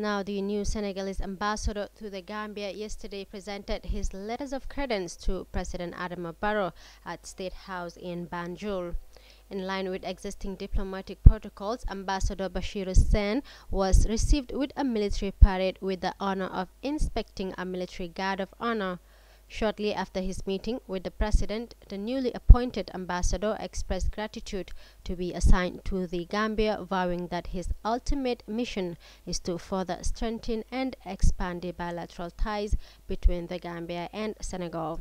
Now, the new Senegalese ambassador to the Gambia yesterday presented his letters of credence to President Adama Barrow at State House in Banjul. In line with existing diplomatic protocols, Ambassador Bashir Sen was received with a military parade with the honor of inspecting a military guard of honor. Shortly after his meeting with the president, the newly appointed ambassador expressed gratitude to be assigned to the Gambia, vowing that his ultimate mission is to further strengthen and expand the bilateral ties between the Gambia and Senegal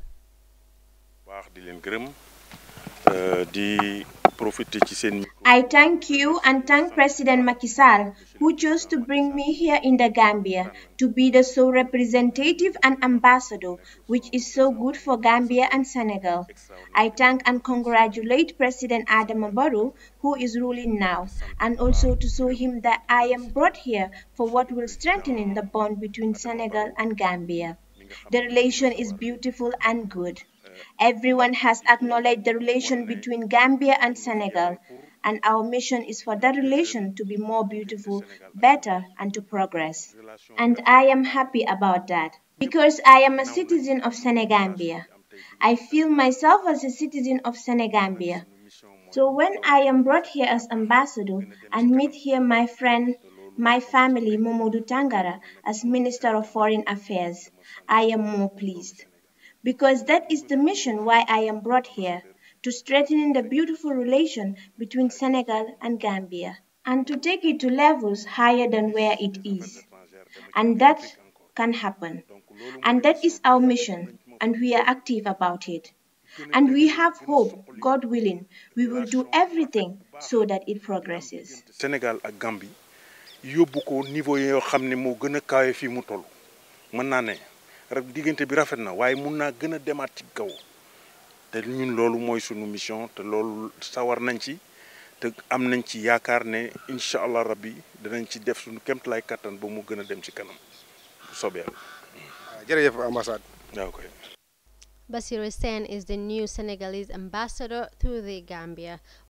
profiter ci I thank you and thank President Macky Sall who chose to bring me here in the Gambia to be the sole representative and ambassador which is so good for Gambia and Senegal. I thank and congratulate President Adam Barrow who is ruling now and also to show him that I am brought here for what will strengthen the bond between Senegal and Gambia. The relation is beautiful and good. Everyone has acknowledged the relation between Gambia and Senegal, and our mission is for that relation to be more beautiful, better, and to progress. And I am happy about that, because I am a citizen of Senegambia. I feel myself as a citizen of Senegambia. So when I am brought here as ambassador and meet here my friend, my family, Momodu Tangara, as Minister of Foreign Affairs, I am more pleased because that is the mission why I am brought here, to strengthen the beautiful relation between Senegal and Gambia, and to take it to levels higher than where it is. And that can happen. And that is our mission, and we are active about it. And we have hope, God willing, we will do everything so that it progresses. Sénégal and Gambia, yóbbu niveau yoo xam ne moo gën a diggante bi rafet na waaye mun naa gën a demaat ci kaw te ñun loolu mooy sunu mission te loolu sawar nañ ci te am nañ ci yaakaar ne incha allah rabbi danañ ci def suñu kéemtalaay kattan ba mu gën a dem ci kanam bu soobee yàlla. Ah, jërëjëf Sen is the new Senegalese ambassador to the Gambia.